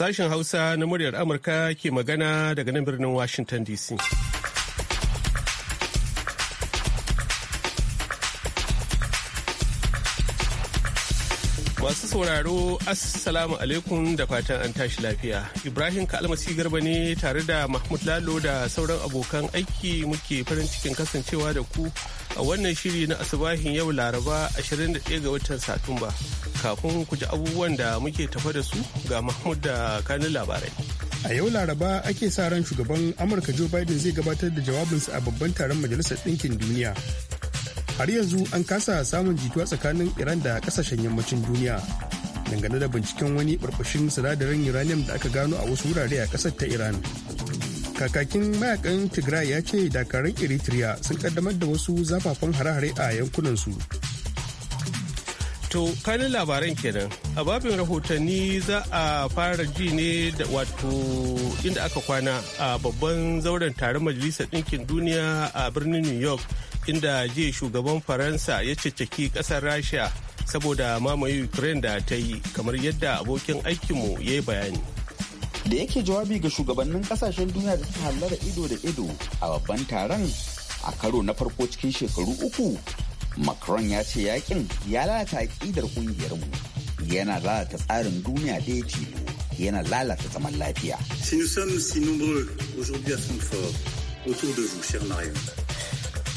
Sashen Hausa na muryar Amurka ke magana daga nan birnin Washington DC. Masu sauraro, Assalamu alaikum da fatan an tashi lafiya. Ibrahim Kalmasi Garba ne tare da Mahmud Lalo da sauran abokan aiki muke farin cikin kasancewa da ku a wannan shiri na asubahin yau Laraba 21 ga watan Satumba. kafin ku ji abubuwan da muke tafa da su ga Mahmud da kanin labarai. A yau Laraba ake sa ran shugaban Amurka Joe Biden zai gabatar da jawabinsa a babban taron Majalisar Ɗinkin Duniya. Har yanzu an kasa samun jituwa tsakanin Iran da kasashen yammacin duniya. Dangane da binciken wani barbashin sinadarin uranium da aka gano a wasu wurare a ƙasar ta Iran. Kakakin mayakan Tigray ya ce dakarun Eritrea sun ƙaddamar da wasu zafafan hare-hare a yankunansu. su. To kanin labaran kenan a babin rahotanni za a fara ji ne da wato inda aka kwana a babban zauren taron majalisar ɗinkin duniya a birnin New York inda jiya shugaban Faransa ya cecaki ƙasar Rasha saboda mamaye Ukraine da ta yi kamar yadda abokin aikinmu ya yi bayani. Da yake jawabi ga shugabannin kasashen duniya da suka hallara ido da ido a babban taron a karo na farko cikin shekaru uku Macron ya ce yakin ya lalata aƙidar ƙungiyarmu yana lalata tsarin duniya da ya tilo yana lalata zaman lafiya. Si nous sommes si nombreux aujourd'hui à autour de vous,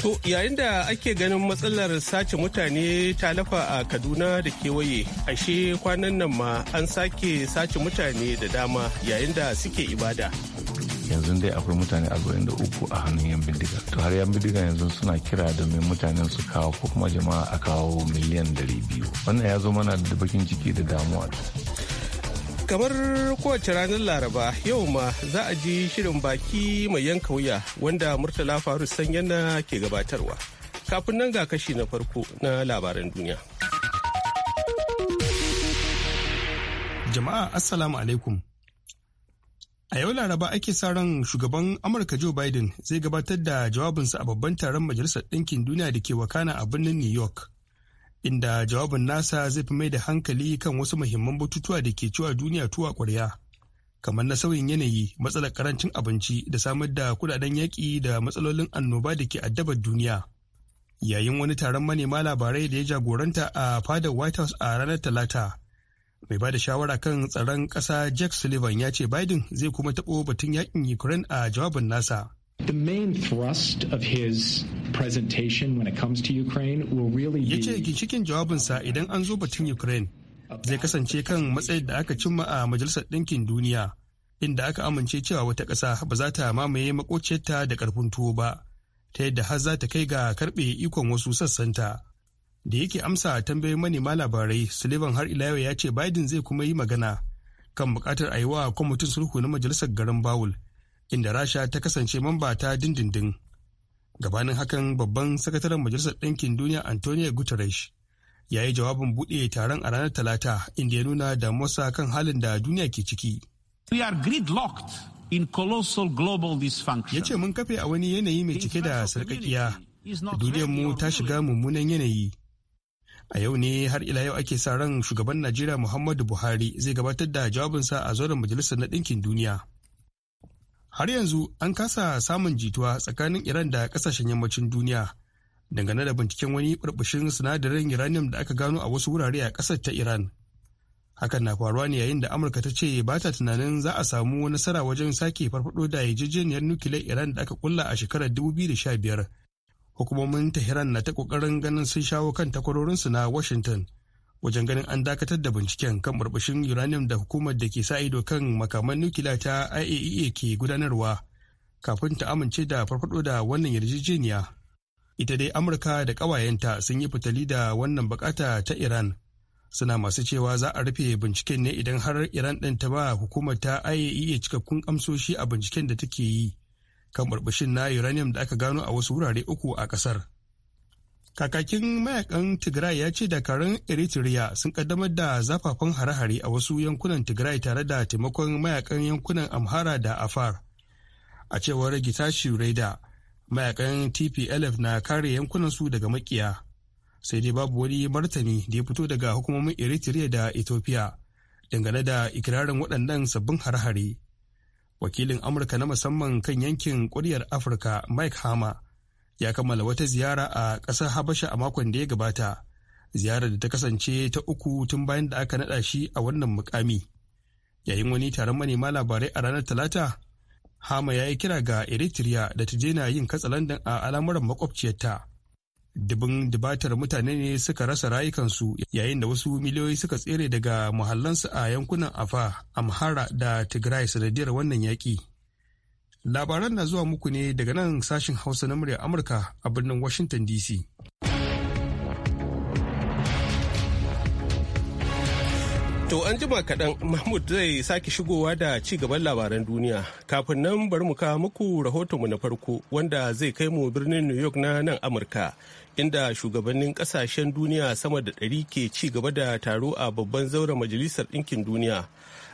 To yayin da ake ganin matsalar sace mutane ta lafa a Kaduna da kewaye, ashe kwanan nan ma an sake sace mutane da dama yayin da suke ibada. yanzu dai akwai mutane uku a hannun yan bindiga to har yan bindiga yanzu suna kira domin mutanen su kawo ko kuma jama'a a kawo miliyan dari biyu wannan ya zo mana da bakin ciki da damuwa kamar kowace ranar laraba yau ma za a ji shirin baki mai yanka wuya wanda murtala faru sanyan na ke gabatarwa kafin nan ga kashi na farko na labaran duniya jama'a assalamu alaikum A yau Laraba ake sa ran shugaban Amurka Joe Biden zai gabatar da jawabinsa a babban taron Majalisar Ɗinkin Duniya da ke wakana a birnin New York. Inda jawabin nasa zai fi mai da hankali kan wasu muhimman batutuwa da ke cewa duniya tuwa ƙwarya. Kamar na sauyin yanayi, matsalar karancin abinci da samar da kudaden yaƙi da matsalolin annoba da ke addabar duniya. Yayin wani taron manema labarai da ya jagoranta a fadar White House a ranar Talata, mai bada shawara kan tsaron ƙasa jack sullivan ya ce biden zai kuma taɓo batun yakin ukraine a jawabin nasa The main thrust of his presentation when it comes to Ukraine will really be... Yace ginshikin jawabinsa idan an zo batun Ukraine zai kasance kan matsayin da aka cimma a Majalisar Ɗinkin Duniya inda aka amince cewa wata ƙasa ba za ta mamaye makociyarta da ƙarfin tuwo ba ta yadda har za ta kai ga karɓe ikon wasu sassanta. da yake amsa tambayoyin manema labarai sullivan har ila yau ya ce biden zai kuma yi magana kan bukatar a yi wa kwamitin sulhu na majalisar garin bawul inda rasha ta kasance mamba ta dindindin gabanin hakan babban sakataren majalisar ɗinkin duniya antonio guterres ya yi jawabin buɗe taron a ranar talata inda ya nuna damuwarsa kan halin da duniya ke ciki We are in colossal global dysfunction. Ya ce mun kafe a wani yanayi mai cike da sarkakiya. Duniyar mu ta shiga mummunan yanayi a yau ne har ila yau ake sa ran shugaban najeriya muhammadu buhari zai gabatar da jawabinsa a zauren majalisar na ɗinkin duniya har yanzu an kasa samun jituwa tsakanin iran da ƙasashen yammacin duniya dangane da binciken wani burbushin sinadarin uranium da aka gano a wasu wurare a ƙasar ta iran hakan na faruwa ne yayin da amurka ta ce ba ta tunanin za a samu nasara wajen sake farfado da yarjejeniyar nukiliyar iran da aka kulla a shekarar 2015 hukumomin tehran na ta kokarin ganin sun shawo kan takwarorinsu na washington wajen ganin an dakatar da binciken kan burbushin uranium da hukumar da ke sa ido kan makaman nukila ta iaea e ke gudanarwa kafin ta amince da farfado da wannan yarjejeniya ita dai amurka da ƙawayenta sun yi fitali da wannan bukata ta iran suna masu cewa za a rufe binciken ne idan har iran ɗin ta ba hukumar ta iaea e cikakkun amsoshi a binciken da take yi kan burbushin na uranium da aka gano a wasu wurare uku a kasar. Kakakin mayakan Tigray ya ce dakarun Eritrea sun kaddamar da zafafan hare-hare a wasu yankunan Tigray tare da taimakon mayakan yankunan Amhara da Afar. A cewar Gitashi Reda, mayakan TPLF na kare yankunan su daga makiya. Sai dai babu wani martani da ya fito daga hukumomin Eritrea da Ethiopia dangane da ikirarin waɗannan sabbin hare-hare. wakilin amurka na musamman kan yankin kuryar afirka mike hama ya kammala wata ziyara a ƙasar habasha a makon da ya gabata ziyarar da ta kasance ta uku tun bayan da aka naɗa shi a wannan mukami yayin wani taron manema labarai a ranar talata hama ya yi kira ga eritrea da ta na yin katsalandan a al'amuran makwabciyarta dubin dubatar mutane ne suka rasa rayukansu yayin da wasu miliyoyi suka tsere daga muhallansu a yankunan afa amhara da tigray sanadiyar wannan yaƙi labaran na zuwa muku ne daga nan sashin hausa na muryar amurka a birnin washington dc To an jima kaɗan Mahmud zai sake shigowa da ci gaban labaran duniya. Kafin nan bari mu kawo muku rahotonmu na farko wanda zai kai mu birnin New York na nan Amurka inda shugabannin kasashen duniya sama da ɗari ke ci gaba da taro a babban zauren majalisar ɗinkin duniya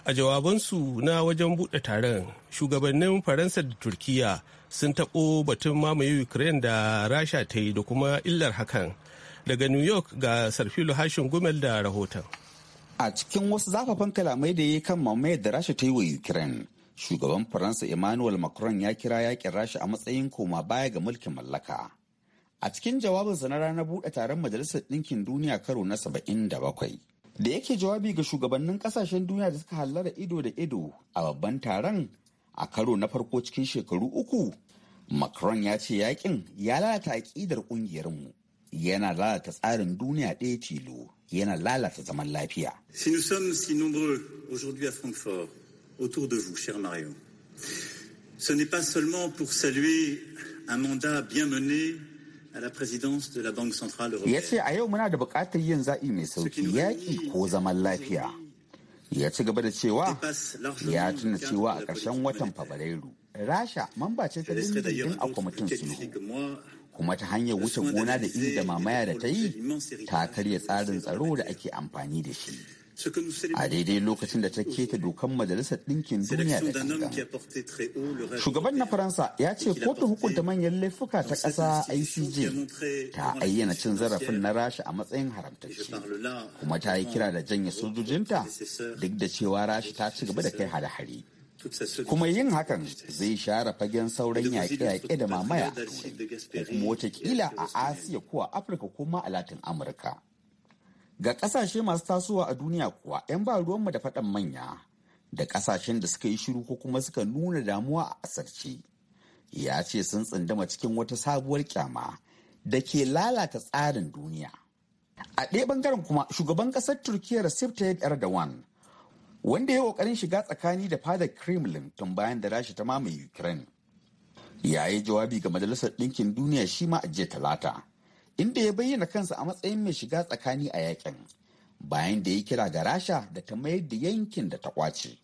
a jawabansu na wajen buɗe taron shugabannin faransa da turkiya sun taɓo batun mamaye ukraine da rasha ta yi da kuma illar hakan daga new york ga sarfilo hashin gumel da rahoton a cikin wasu zafafan kalamai da ya yi kan mamayar da rasha ta yi wa ukraine shugaban faransa emmanuel macron ya kira yakin rasha a matsayin koma baya ga mulkin mallaka a cikin jawabinsa na ranar buɗe taron majalisar ɗinkin duniya karo na 77 da yake jawabi ga shugabannin kasashen duniya da suka hallara ido da ido a babban taron a karo na farko cikin shekaru uku macron ya ce yakin ya lalata aƙidar ƙungiyarmu yana lalata tsarin duniya ɗaya tilo yana lalata zaman lafiya si nombreux aujourd'hui à francfort autour de vous cher ce n'est pas seulement pour saluer un mandat bien mené Ya ce a yau muna da buƙatar yin zaɓi mai sauki yaƙi ko zaman lafiya. Ya ci gaba da cewa ya tuna cewa a ƙarshen watan Fabrairu, Rasha mamba ce ta dindindin a kwamitin sulhu. Kuma ta hanyar wuce gona da inda mamaya da ta yi ta karya tsarin tsaro da ake amfani da shi. a daidai lokacin da ta keta dokan majalisar ɗinkin duniya da shugaban na faransa ya ce kotun hukunta manyan laifuka ta ƙasa icj ta ayyana cin zarafin na rasha a matsayin haramtacce kuma ta yi kira da janye sojojinta duk da cewa rasha ta ci gaba da kai hada hari kuma yin hakan zai share fagen sauran yaƙe-yaƙe da mamaya ko kuma watakila a asiya ko a afirka ko ma a latin amurka Ga ƙasashe masu tasowa a duniya kuwa 'yan ba ruwanmu da faɗan manya da ƙasashen da suka yi shiru ko kuma suka nuna damuwa a asarci. Ya ce sun tsindama cikin wata sabuwar kyama da ke lalata tsarin duniya. A ɗaya bangaren kuma shugaban ƙasar Turkiyya Recep Tayyip Erdogan wanda ya ƙoƙarin shiga tsakani da fadar Kremlin tun bayan da rashi ta mamaye Ukraine. Ya yi jawabi ga Majalisar Ɗinkin Duniya shi ma a jiya Talata. inda ya bayyana kansa a matsayin mai shiga tsakani a yakin bayan da ya kira ga rasha da ta mayar da yankin da ta kwace.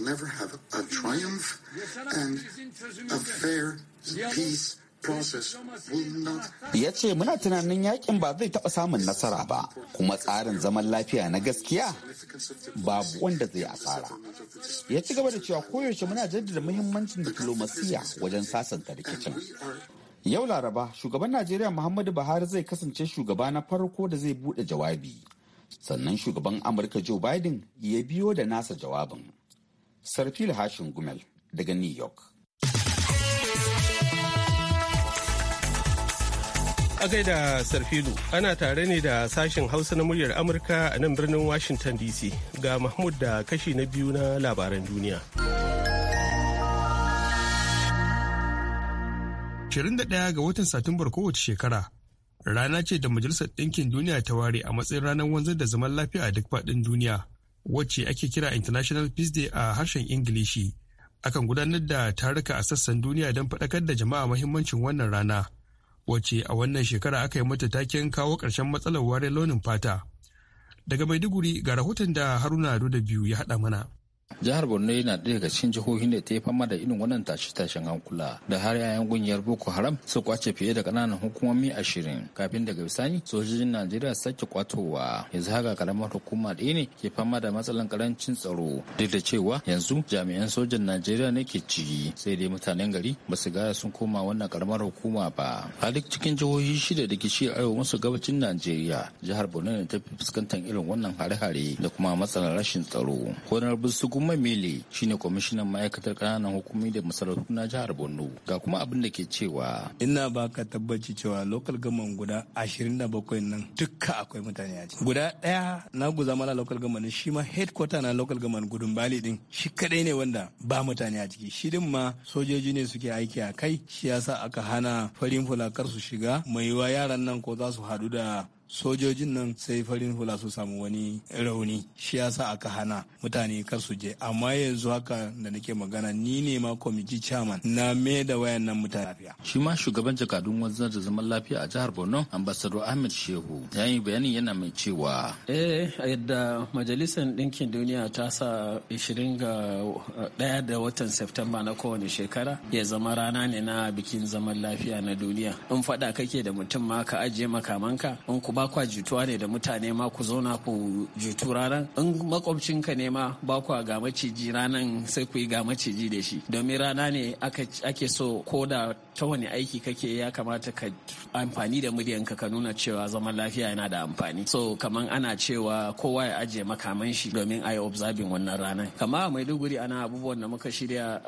never have a and a fair peace ya ce muna tunanin yakin ba zai taɓa samun nasara ba kuma tsarin zaman lafiya na gaskiya babu wanda zai asara ya ci gaba da cewa koyaushe muna jaddada muhimmancin diplomasiya wajen sasanta rikicin yau laraba shugaban najeriya muhammadu buhari zai kasance shugaba na farko da zai buɗe jawabi sannan shugaban amurka joe biden ya biyo da nasa jawabin sarfil hashin gumel daga new york A gaida Sarfilu, ana tare ne da sashen Hausa na muryar Amurka a nan birnin Washington DC ga Mahmud da kashi na biyu na labaran duniya. 21 ga watan Satumbar kowace shekara rana ce da Majalisar Ɗinkin Duniya ta ware a matsayin ranar wanzar da zaman lafiya a duk faɗin duniya, wacce ake kira International Peace Day a harshen Ingilishi. Akan gudanar da taruka a sassan duniya don faɗakar da jama'a mahimmancin wannan rana. wacce a wannan shekara aka yi mata taken kawo ƙarshen matsalar ware launin fata. Daga Maiduguri ga rahoton da Haruna Ado da biyu ya haɗa mana. jihar borno yana ɗaya daga cikin jihohin da ta yi fama da irin wannan tashe-tashen hankula da har yayan kungiyar boko haram su kwace fiye da ƙananan hukumomi ashirin kafin daga bisani sojojin najeriya su sake kwatowa yanzu haka karamar hukuma ɗaya ne ke fama da matsalan karancin tsaro duk da cewa yanzu jami'an sojan najeriya ne ke ci sai dai mutanen gari ba su gaya sun koma wannan karamar hukuma ba a duk cikin jihohi shida da ke shi arewa masu gabacin najeriya jihar borno ne ta fi fuskantar irin wannan hare-hare da kuma matsalar rashin tsaro na busugu Kuma Mele shine kwamishinan ma'aikatar ƙananan hukumi da masarautu na jihar Borno. Ga kuma abin da ke cewa. Ina baka tabbaci cewa lokal gaman guda 27 nan dukka akwai mutane a ciki. Guda ɗaya na guza mana lokal gaman shi ma headquarter na lokal gaman gudun Bali din shi kadai ne wanda ba mutane a ciki. Shi din ma sojoji ne suke aiki a kai shi yasa aka hana farin fulakar su shiga mai yiwa yaran nan ko za su haɗu da sojojin nan sai farin hula su samu wani rauni shi yasa aka hana mutane kar su je amma yanzu haka da nake magana ni ne ma kwamiti chairman na me da wayan nan mutane lafiya shi ma shugaban jakadun wanzar da zaman lafiya a jihar Borno ambassador Ahmed Shehu ya yi bayanin yana mai cewa eh yadda majalisar ɗinkin duniya ta sa 21 ga da watan september na kowane shekara ya zama rana ne na bikin zaman lafiya na duniya in faɗa kake da mutum ma ka ajiye makamanka ba kwa jituwa ne da mutane ma ku zauna ku jutu ranar in makwabcinka ne ma ba kwa ga maciji ranar sai ku yi ga maciji da shi domin rana ne ake so ko da ta wani aiki kake ya kamata ka amfani da muryanka ka nuna cewa zaman lafiya yana da amfani so kaman ana cewa kowa ya ajiye makaman shi domin a yi observing wannan ranar kamar a maiduguri ana abubuwan da muka shirya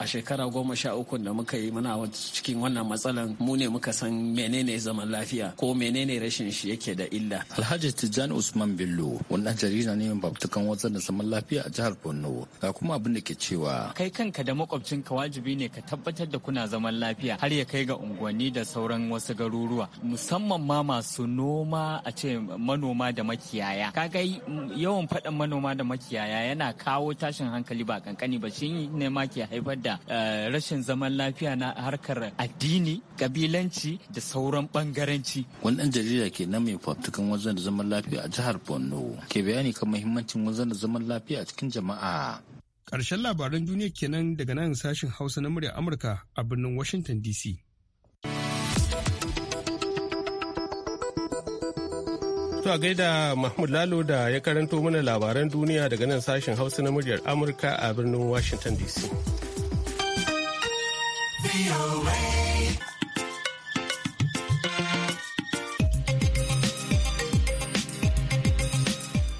a shekara goma sha uku da muka yi muna cikin wannan matsalan mu ne muka san menene zaman lafiya ko menene rashin shi yake da illa. Alhaji Tijjani Usman Bello wani ɗan jarida ne mai babtukan watsar da zaman lafiya a jihar Borno ga kuma abin da ke cewa. Kai kanka da makwabcinka wajibi ne ka tabbatar da kuna zaman lafiya har ya kai ga unguwanni da sauran wasu garuruwa musamman ma masu noma a ce manoma da makiyaya. Kaga yawan faɗan manoma da makiyaya yana kawo tashin hankali ba kankani ba shi ne ma ke haifar da eh, rashin zaman lafiya na harkar addini, kabilanci da sauran bangaranci. Wani ɗan jarida ke kenan mai fafutukan wajen da zaman lafiya a jihar borno ke bayani kan muhimmancin wajen da zaman lafiya a cikin jama'a ƙarshen labaran duniya kenan daga nan sashin hausa na murya amurka a birnin washington dc To a gaida Mahmud Lalo da ya karanto mana labaran duniya daga nan sashen Hausa na muryar Amurka a birnin Washington DC.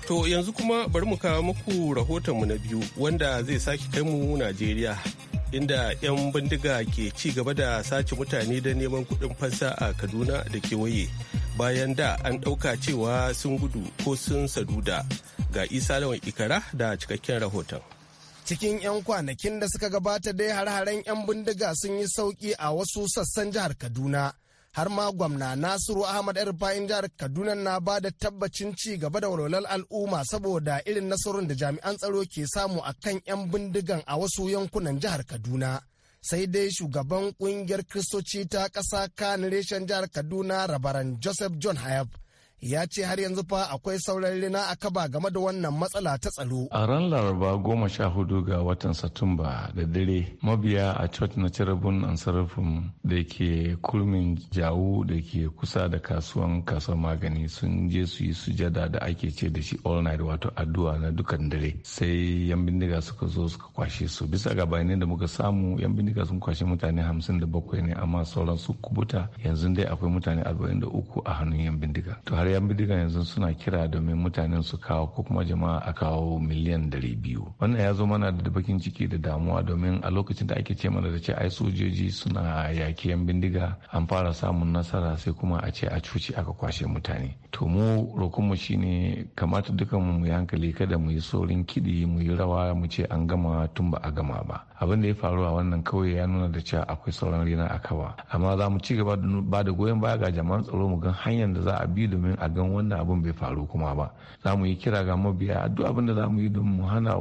To yanzu kuma bari mu kawo muku rahotonmu na biyu wanda zai sake kai mu Najeriya inda 'yan bindiga ke ci gaba da sace mutane da neman kuɗin fansa a Kaduna da kewaye bayan da an ɗauka cewa sun gudu ko sun saduda ga isa lawan ikara da cikakken rahoton. cikin 'yan kwanakin da suka gabata dai har-haren 'yan bindiga sun yi sauki a wasu sassan jihar kaduna har ma gwamna nasiru ahmad erfayin jihar kaduna na ba da tabbacin ci gaba da walwalar al'umma saboda irin nasarorin da jami'an tsaro ke samu a kan 'yan bindigan a wasu yankunan jihar kaduna sai dai shugaban kungiyar kristoci ta kasa kan reshen jihar kaduna rabaran joseph john hayab ya ce har yanzu fa akwai sauran rina a kaba game da wannan matsala ta tsaro. A ran Laraba goma sha hudu ga watan Satumba da dare mabiya a Church na Cherubim Ansarufin da ke kurmin jawu da ke kusa da kasuwan kasuwar magani sun je su yi sujada da ake ce da shi all night wato addu'a na dukan dare sai yan bindiga suka zo suka kwashe su bisa ga bayanai da muka samu yan bindiga sun kwashe mutane hamsin da bakwai ne amma sauran su kubuta yanzu dai akwai mutane arba'in da uku a hannun yan bindiga to har 'yan bidigan yanzu suna kira domin mutanen su kawo ko kuma jama'a a kawo miliyan dari biyu wannan ya zo mana da bakin ciki da damuwa domin a lokacin da ake ce mana da ce ai sojoji suna yaki 'yan bindiga an fara samun nasara sai kuma a ce a cuci aka kwashe mutane to mu rokunmu shine kamata dukan mu mu hankali kada mu yi saurin kiɗi mu yi rawa mu ce an gama tun ba a gama ba abin da ya faru a wannan kawai ya nuna da cewa akwai sauran rina a kawa amma za mu ci gaba ba da goyon baya ga jama'an tsaro mu gan hanyar da za a bi domin a gan wannan abin bai faru kuma ba za mu yi kira ga mabiya duk abin da za mu yi don mu hana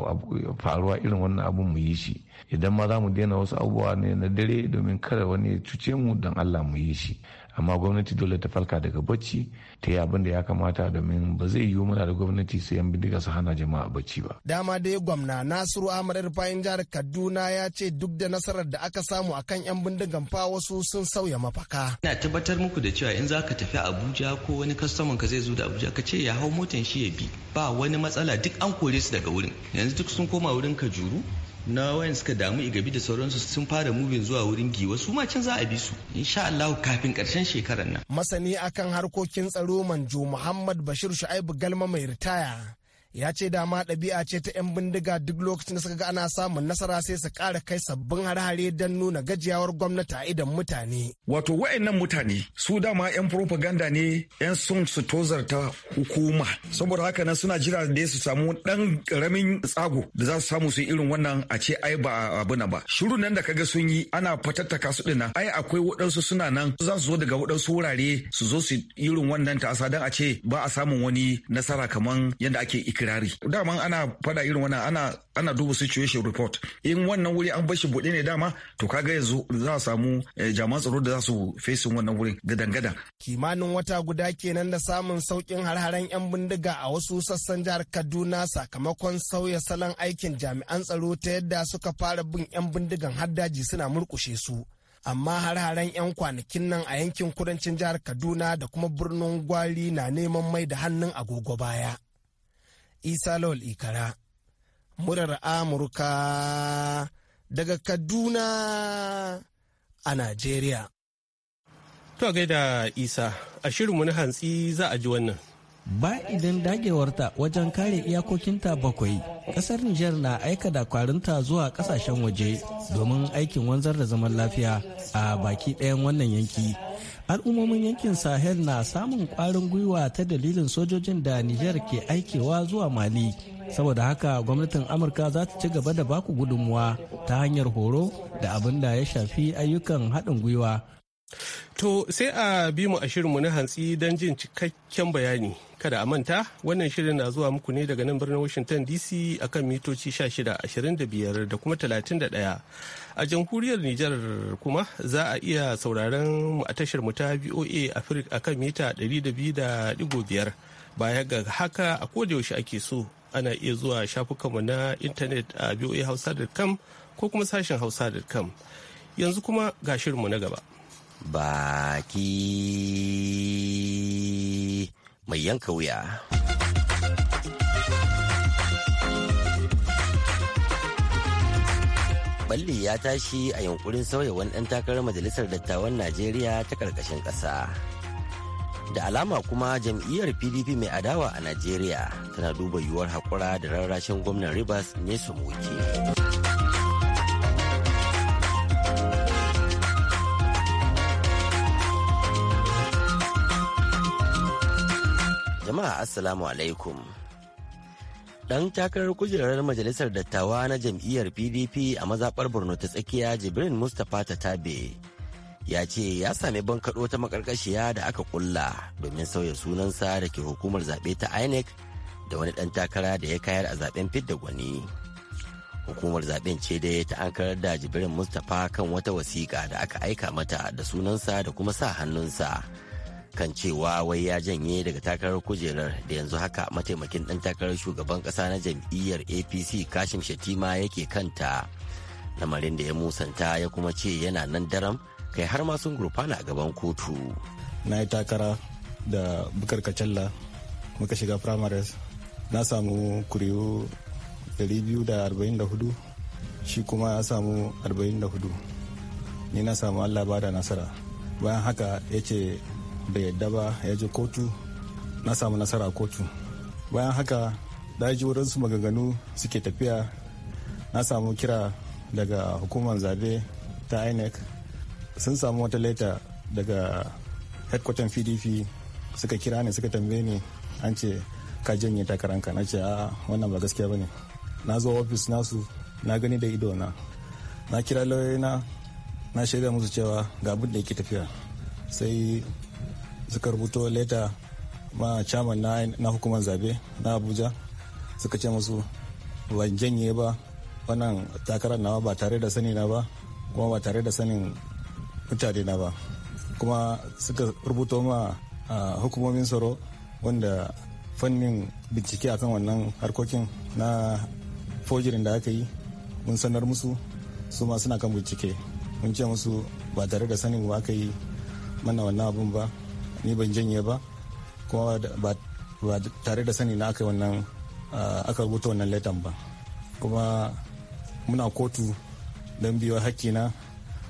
faruwa irin wannan abin mu yi shi idan ma za mu daina wasu abubuwa ne na dare domin kada wani ya cuce mu don allah mu yi shi amma gwamnati dole ta farka daga bacci ta yi abin da ya kamata domin ba zai yiwu muna da gwamnati sai yan bindiga su hana jama'a bacci ba dama dai gwamna nasiru ahmad rufayin jihar kaduna ya ce duk da nasarar da aka samu akan yan bindigan fa wasu sun sauya mafaka ina tabbatar muku da cewa in za ka tafi abuja ko wani kastoman ka zai zo da abuja ka ce ya hau motan shi ya bi ba wani matsala duk an kore su daga wurin yanzu duk sun koma wurin ka juru. na wayan suka damu igabi da sauransu sun fara mubin zuwa wurin giwa su ma can za a bi su insha Allah kafin karshen shekarar nan masani akan harkokin tsaro manjo Muhammad Bashir Shu'aibu Galma mai ritaya ya ce dama ɗabi'a ce ta 'yan bindiga duk lokacin da suka ga ana samun nasara sai su ƙara kai sabbin hare-hare don nuna gajiyawar gwamnati a idan mutane. Wato wa'annan mutane su dama 'yan propaganda ne 'yan sun su tozarta hukuma saboda haka nan suna jira da su samu ɗan ƙaramin tsago da za su samu su irin wannan a ce ai ba abu na ba. Shiru nan da ka ga sun yi ana fatattaka su ɗina ai akwai waɗansu suna nan za su zo daga waɗansu wurare su zo su irin wannan ta'asa don a ce ba a samun wani nasara kamar yadda ake ikirari. kirari daman ana fada irin wannan ana ana duba situation report in wannan wuri an bashi buɗe ne dama to kaga yanzu za a samu eh, jami'an tsaro da za su fesin wannan wurin gadan-gadan kimanin wata guda kenan da samun saukin har 'yan bindiga a wasu sassan jihar kaduna sakamakon sauya salon aikin jami'an tsaro ta yadda suka fara bin 'yan bindigan har daji suna murkushe su amma har-haren 'yan kwanakin nan a yankin kudancin jihar kaduna da kuma birnin gwari na neman mai da hannun agogo baya isa lawal ikara murar amurka daga kaduna a najeriya to gaida isa a shirin wani hantsi za a ji wannan ba idan dagewarta wajen kare iyakokinta bakwai kasar Nijar na aika da kwarinta zuwa kasashen waje domin aikin wanzar da zaman lafiya a baki ɗayan wannan yanki al'ummomin yankin sahel na samun kwarin gwiwa ta dalilin sojojin da niger ke aikewa zuwa mali saboda haka gwamnatin amurka za ta ci gaba da baku gudunmuwa ta hanyar horo da abin da ya shafi ayyukan haɗin gwiwa To sai a bi mu a shirinmu na hantsi don jin cikakken bayani. Kada a manta wannan shirin na zuwa muku ne daga nan birnin Washington DC akan mitoci 1625 da kuma 31. A jamhuriyar Nijar kuma za a iya sauraron mu a tashar mu ta VOA Africa akan mita 200.5. Baya ga haka a kodayaushe ake so ana iya zuwa shafukanmu na intanet a voahausa.com ko kuma sashen hausa.com. Yanzu kuma ga shirinmu na gaba. baki mai yanka wuya. Balli ya tashi a yunkurin sauyawan ɗan takarar Majalisar Dattawan Najeriya ta ƙarƙashin ƙasa. Da alama kuma jam'iyyar PDP mai adawa a Najeriya tana duba yiwuwar haƙura da rarrashin gwamnan Rivers ne su muke. Jama'a Assalamu alaikum. Ɗan takarar kujerar Majalisar Dattawa na jam'iyyar PDP a mazaɓar Borno ta tsakiya Jibrin Mustapha Tabe ya ce ya sami bankaɗo ta makarkashiya da aka ƙulla domin sauya sunansa da ke hukumar zaɓe ta INEC da wani ɗan takara da ya kayar a zaɓen fidda gwani. hukumar zaben ce dai ta ankarar da jibirin mustapha kan wata wasiƙa da aka aika mata da sunansa da kuma sa hannunsa kan cewa wai ya janye daga takarar kujerar da yanzu haka mataimakin ɗan takarar shugaban ƙasa na jam'iyyar apc kashim shatima yake kanta lamarin da ya musanta ya kuma ce yana nan daram kai har ma sun gurfana a gaban kotu na yi takara da bukar kacalla muka shiga primaries na samu kuriyu 244 shi kuma ya samu 44 ni na samu allah bada nasara bayan haka ya ce bai yadda ba ya je kotu na samu nasara kotu bayan haka daji wurin su maganganu suke tafiya na samu kira daga hukumar zabe ta inec sun samu wata leta daga headquarter pdp suka kira ne suka tambaye ni an ce ka janye takaranka na ce a wannan ba gaskiya ba ne na zo ofis nasu na gani da ido na na kira lauyoyina na shaida musu cewa ga abin da yake tafiya sai suka rubuto leta ma chairman na, na hukumar zabe na abuja suka ce musu ban janye ba wannan takarar nawa ba tare da sani na ba kuma ba tare da sanin mutane na ba kuma suka rubuto ma hukumomin tsaro wanda fannin bincike akan wannan harkokin na fojirin da aka yi mun sanar musu su ma suna kan bincike mun ce musu ba tare da sanin ba aka yi mana wannan abun ba ni ban janye ba kuma ba tare da sani na aka wannan aka rubuta wannan letan ba kuma muna kotu don biyo na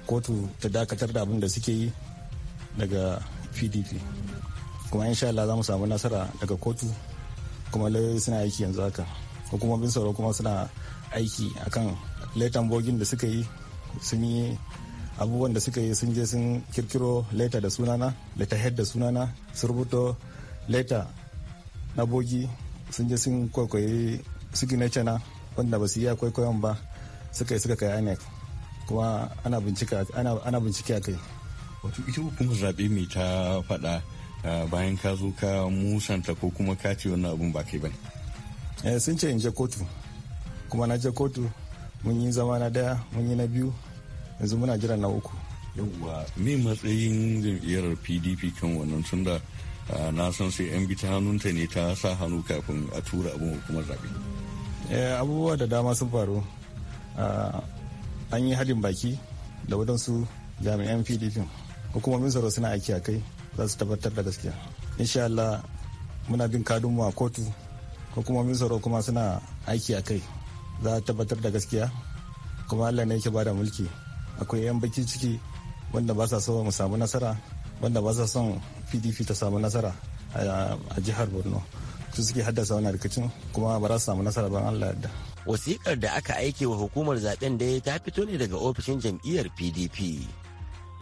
kotu ta dakatar da abin da suke yi daga pdp kuma insha Allah za mu samu nasara daga kotu kuma lauyoyi suna aiki yanzu haka hukumomin tsaro kuma suna aiki akan letan bogin da suka yi sun yi abubuwan da suka yi sun je sun kirkiro leta da sunana leta head da sunana su rubuto leta na bogi sun je sun kwaikwayi signature na wanda ba su iya kwaikwayon ba suka yi suka kai inec kuma ana bincike a kai wato ita hukumar zaɓe mai ta faɗa bayan ka zo ka musanta ko kuma ka ce wannan abun ba kai ba eh, sun ce in je kotu kuma na je kotu mun yi zama na daya mun yi na biyu yanzu muna jiran na uku yawwa me matsayin jam'iyyar pdp kan wannan tunda na san sai yan bi ta hannunta ne ta sa hannu kafin a tura abin hukumar zaɓe eh, abubuwa da dama sun faru an yi haɗin baki da wadansu jami'an pdp hukumomin tsaro suna aiki a kai za su tabbatar da gaskiya insha Allah muna bin kadunmu a kotu hukumomin tsaro kuma suna aiki a kai za a tabbatar da gaskiya kuma Allah ne yake bada mulki akwai 'yan baki ciki wanda ba sa so mu samu nasara wanda ba sa son pdp ta samu nasara a jihar borno su suke haddasa wani rikicin kuma ba za su samu nasara ban allah yadda wasikar da aka aike wa hukumar zaben da ta fito ne daga ofishin jam'iyyar pdp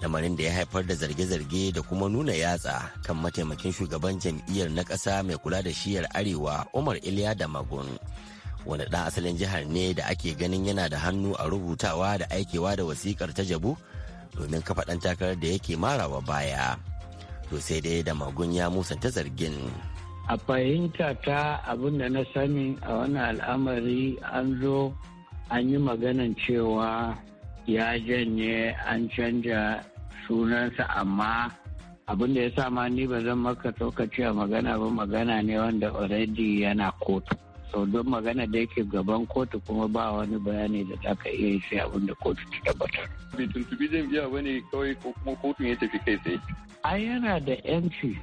lamarin da ya haifar da zarge-zarge da kuma nuna yatsa kan mataimakin shugaban jam'iyyar na ƙasa mai kula da shiyar arewa umar iliya da magun wani ɗan asalin jihar ne da ake ganin yana da hannu a rubutawa da aikewa da wasikar ta jabu domin kafa ɗan takarar da yake marawa baya to sai dai da magun ya musanta zargin a fahimta ta abin da na sani a wani al'amari an zo an yi maganan cewa ya janye an canja sunansa amma abin da ya sa ma ni ba zan maka tsokaci a magana ba magana ne wanda already yana kotu sau don magana da yake gaban kotu kuma ba wani bayani da za ka iya shi sai abin da kotu ta tabbatar. bai tuntubi biya ba ne kawai ko kuma kotun ya tafi kai tsaye. ai yana da yanci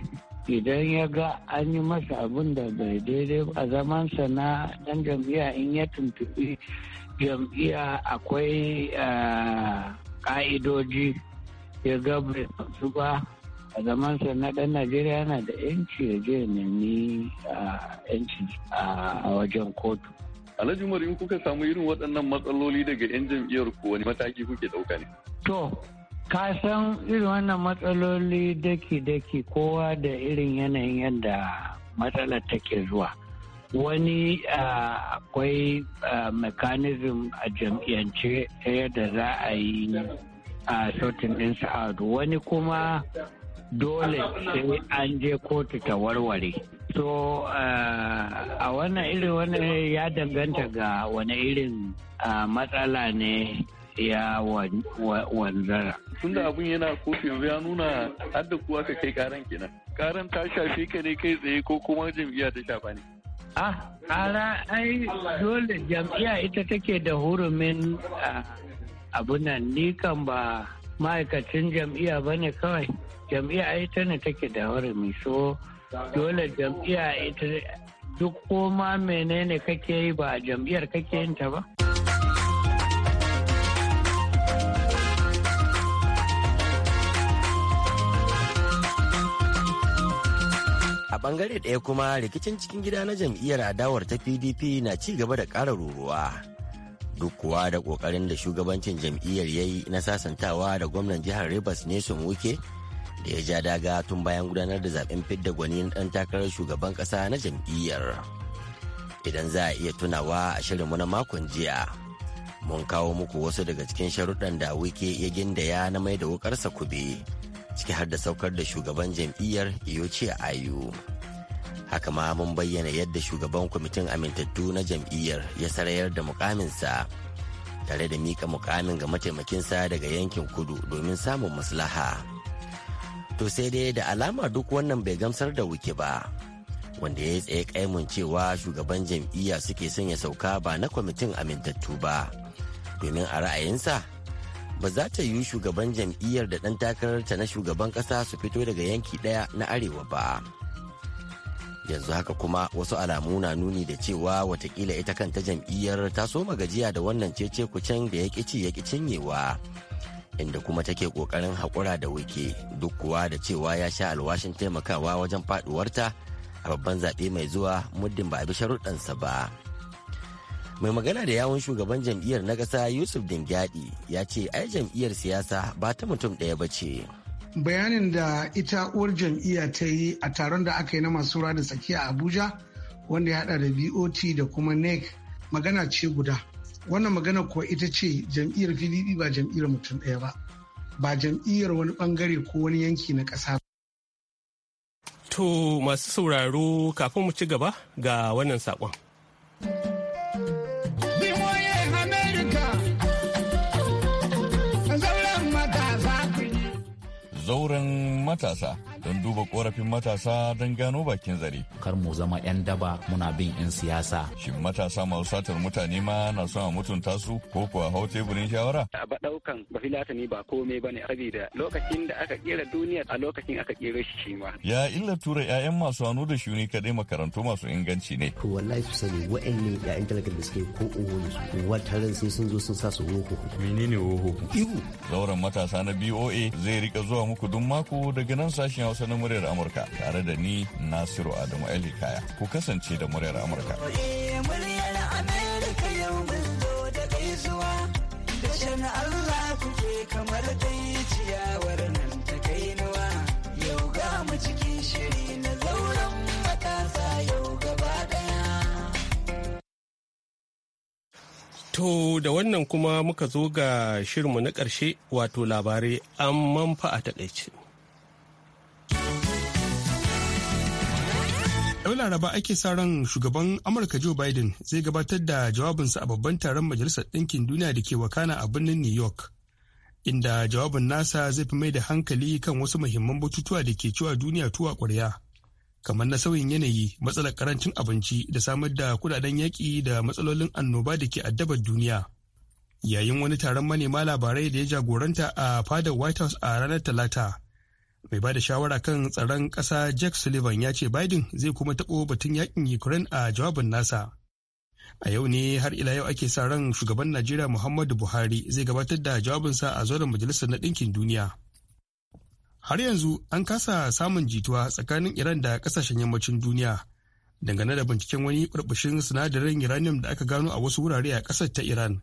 idan ya ga an yi masa abin da bai daidai a zamansa na dan jam'iyya in ya tuntubi jam'iyya akwai ka'idoji eh, ya ga bai ba a zaman sa na dan najeriya yana da yanci da je nemi yanci a wajen kotu alhaji umar in kuka samu irin waɗannan matsaloli daga 'yan jam'iyyar ku wani mataki kuke ɗauka ne to ka san irin wannan matsaloli daki-daki kowa da irin yanayin yadda matsalar take zuwa wani akwai mechanism a jam'iyyance yadda za a yi a sautin ɗin Sa'adu, wani kuma dole sai an je kotu ta warware so eh, a wannan irin wannan ya danganta ga wani irin eh, matsala ne ya wanzara tunda abin yana kotu yanzu ya nuna hadda kuwa ka kai karan kenan karan ta shafe ka ne kai tsaye ko kuma jam'iyya ta shafa ne ah kara ai dole jam'iyya ita take da hurumin eh, abunan ni kan ba ma'aikacin jam'iyya ba ne kawai jam'iyya ita ne take da mai so dole jam'iyya ita duk koma menene kake yi ba a jam'iyyar kake yin ta ba a bangare ɗaya kuma rikicin cikin gida na jam'iyyar adawar ta pdp na ci gaba da ƙara ruruwa duk kuwa da kokarin da shugabancin jam'iyyar ya yi na sasantawa da gwamnan jihar rivers nelson wuke da ya ja daga tun bayan gudanar da zaben fidda gwani na dan takarar shugaban kasa na jam'iyyar idan za a iya tunawa a shirinmu na makon jiya mun kawo muku wasu daga cikin sharuɗan da wuke ya gindaya na mai da wukarsa kube ciki har da saukar da shugaban jam'iyyar iyoci ayu haka ma mun bayyana yadda shugaban kwamitin amintattu na jam'iyyar ya sarayar da mukaminsa tare da mika mukamin ga mataimakinsa daga yankin kudu domin samun maslaha to sai dai da alama duk wannan bai gamsar da wuke ba wanda ya yi tsaye kaimun cewa shugaban jam'iyya suke son ya sauka ba na kwamitin amintattu ba domin a ra'ayinsa ba za ta yi shugaban jam'iyyar da ɗan takararta na shugaban ƙasa su fito daga yanki ɗaya na arewa ba. yanzu haka kuma wasu alamu na nuni da cewa watakila ita kanta jam'iyyar ta soma gajiya da wannan cece kucen da ya ci ya cinyewa inda kuma take kokarin haƙura da wike duk kuwa da cewa ya sha alwashin taimakawa wajen faduwarta a babban zaɓe mai zuwa muddin ba a bi sharuɗansa ba mai magana da yawon shugaban jam'iyyar na ƙasa yusuf dingyadi ya ce ai jam'iyyar siyasa ba ta mutum ɗaya ba ce bayanin da ita uwar jam'iyya ta yi a taron da aka yi na masu da tsakiya a abuja wanda ya hada da bot da kuma nec magana ce guda wannan magana kuwa ita ce jam'iyyar pdp ba jam'iyyar mutum ɗaya ba ba jam'iyyar wani bangare ko wani yanki na ƙasa to masu sauraro kafin mu ci gaba ga wannan saƙon. matasa don duba korafin matasa don gano bakin zare. Kar mu zama 'yan daba muna bin 'yan siyasa. Shin matasa masu satar mutane ma na son a mutunta su ko kuwa hau teburin shawara? A ba ɗaukan ba filatani ba komai ba ne da lokacin da aka kera duniya a lokacin aka kera shi shi ma. Ya illa tura 'ya'yan masu hannu da shuni kadai makarantu masu inganci ne. Ko wallahi su sani wa'annan 'ya'yan talakar da suke ko wata ran sai sun zo sun sa su woho. Menene woho? Ihu. Zauren matasa na BOA zai rika zuwa muku duk mako daga nan sashen Hausa na muryar Amurka tare da ni Nasiru Adamu Ali Kaya. Ku kasance da muryar Amurka. Eh, yau kamar dai ciyawar nan ta kai nawa yau ga mu cikin shiri na zauren matasa yau gaba ɗaya. To da wannan kuma muka zo ga shirinmu na ƙarshe wato labarai an manfa a taƙaice. yau laraba ake sa ran shugaban amurka joe biden zai gabatar da jawabinsa a babban taron majalisar ɗinkin duniya da ke wakana a birnin new york inda jawabin nasa zai fi mai da hankali kan wasu muhimman batutuwa da ke cewa duniya tuwa ƙwarya kamar na sauyin yanayi matsalar karancin abinci da samar da kudaden yaƙi da matsalolin annoba da ke addabar duniya yayin wani taron manema labarai da ya jagoranta a fadar white house a ranar talata mai bada shawara kan tsaron ƙasa jack sullivan ya ce biden zai kuma taɓo batun yakin ukraine a jawabin nasa a yau ne har ila yau ake sa ran shugaban najeriya muhammadu buhari zai gabatar da jawabinsa a zoren majalisar na ɗinkin duniya har yanzu an kasa samun jituwa tsakanin iran da ƙasashen yammacin duniya dangane da binciken wani ƙarƙashin sinadarin uranium da aka gano a wasu wurare a ƙasar ta iran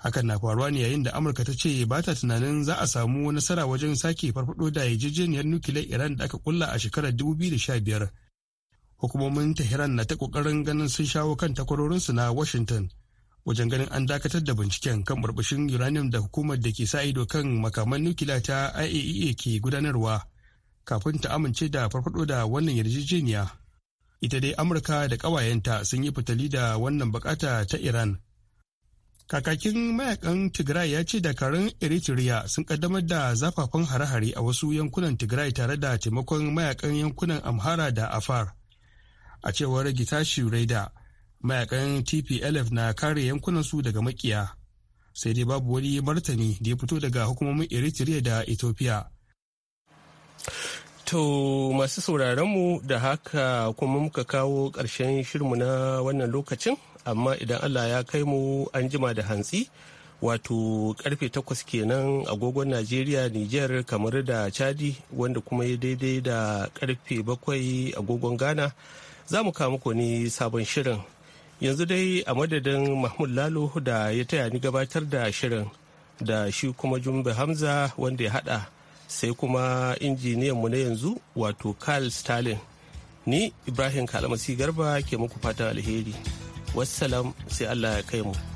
hakan na faruwa ne yayin da amurka ta ce ba ta tunanin za a samu nasara wajen sake farfado da yarjejeniyar nukiliyar iran da aka kulla a shekarar 2015 hukumomin tehran na ta kokarin ganin sun shawo kan takwarorinsu na washington wajen ganin an dakatar da binciken kan burbushin uranium da hukumar da ke sa ido kan makaman nukiliya ta iaea e ke gudanarwa kafin ta amince da farfado da wannan yarjejeniya ita dai amurka da ƙawayenta sun yi fitali da wannan bukata ta iran kakakin mayakan tigray ya ce dakarun eritrea sun kaddamar da zafafan hare-hare a wasu yankunan tigray tare da taimakon mayakan yankunan amhara da afar a cewar gitashi raida mayakan tplf na kare yankunansu daga makiya sai dai babu wani martani da ya fito daga hukumomin eritrea da ethiopia To masu sauraronmu da haka kuma muka kawo ƙarshen shirmu na wannan lokacin amma idan allah ya kai mu an jima da hantsi wato karfe takwas kenan agogon najeriya niger kamar da chadi wanda kuma ya daidai da karfe bakwai agogon ghana za mu kawo muku ne sabon shirin yanzu dai a madadin mahmud lalo da ya taya ni gabatar da shirin da shi kuma jumbe hamza wanda ya hada sai kuma injiniyan mu na yanzu wato Karl stalin ni ibrahim kalamasi garba ke muku fatan alheri salam sai allah ya kai mu